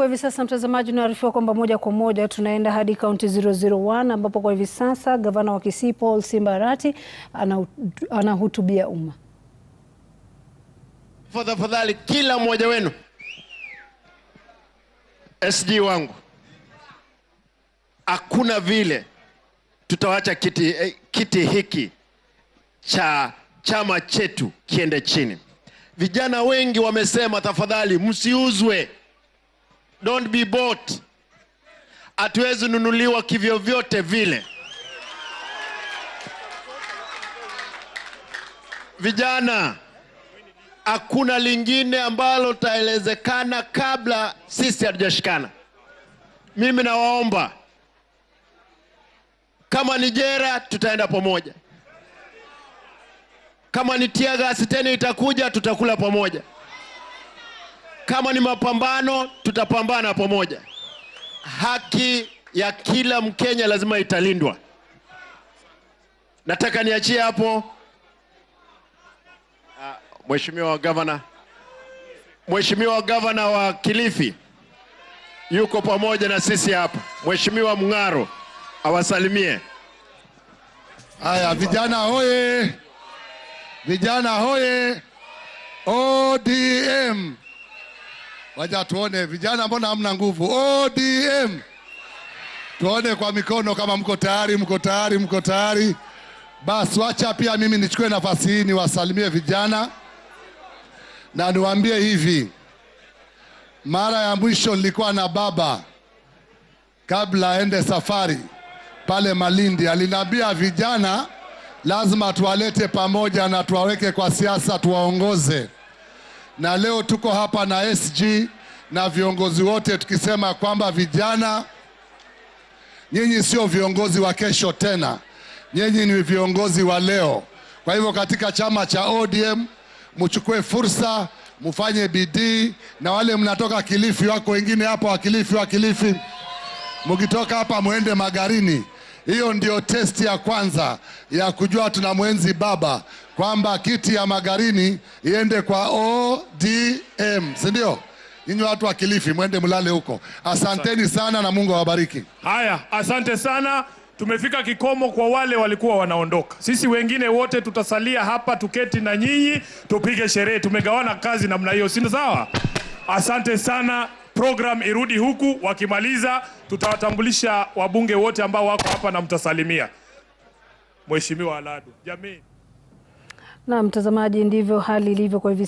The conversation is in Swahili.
kwa hivi sasa mtazamaji, unaarifiwa kwamba moja kwa moja tunaenda hadi kaunti 001 ambapo kwa hivi sasa gavana wa Kisii Paul Simba Arati anahutubia ana umma. Tafadhali kila mmoja wenu, SG wangu, hakuna vile tutawacha kiti, eh, kiti hiki cha chama chetu kiende chini. Vijana wengi wamesema, tafadhali msiuzwe don't be bought, hatuwezi nunuliwa kivyovyote vile. Vijana, hakuna lingine ambalo taelezekana kabla sisi hatujashikana. Mimi nawaomba kama ni jera tutaenda pamoja, kama ni tiagasi tena itakuja, tutakula pamoja. Kama ni mapambano, tutapambana pamoja. Haki ya kila Mkenya lazima italindwa. Nataka niachie hapo. Ah, Mheshimiwa Gavana, Mheshimiwa Gavana wa Kilifi yuko pamoja na sisi hapa. Mheshimiwa Mng'aro awasalimie. Haya vijana hoye! Vijana hoye! ODM waja tuone vijana, mbona hamna nguvu? ODM, tuone kwa mikono kama mko tayari, mko tayari, mko tayari. Basi wacha pia mimi nichukue nafasi hii niwasalimie vijana na niwaambie hivi, mara ya mwisho nilikuwa na baba kabla aende safari pale Malindi, aliniambia vijana lazima tuwalete pamoja na tuwaweke kwa siasa, tuwaongoze na leo tuko hapa na SG na viongozi wote tukisema kwamba vijana, nyinyi sio viongozi wa kesho tena, nyinyi ni viongozi wa leo. Kwa hivyo katika chama cha ODM mchukue fursa, mfanye bidii, na wale mnatoka Kilifi, wako wengine hapo wa Kilifi, wa Kilifi, mkitoka hapa mwende Magarini. Hiyo ndio testi ya kwanza ya kujua tuna mwenzi baba, kwamba kiti ya Magarini iende kwa ODM, si ndio? Ninyi watu wa Kilifi mwende mlale huko. Asanteni sana na Mungu awabariki. Haya, asante sana. Tumefika kikomo kwa wale walikuwa wanaondoka. Sisi wengine wote tutasalia hapa tuketi na nyinyi tupige sherehe. Tumegawana kazi namna hiyo, si sawa? Asante sana program irudi huku. Wakimaliza tutawatambulisha wabunge wote ambao wako hapa na mtasalimia. Mheshimiwa Aladu, jamii na mtazamaji, ndivyo hali ilivyo kwa hivi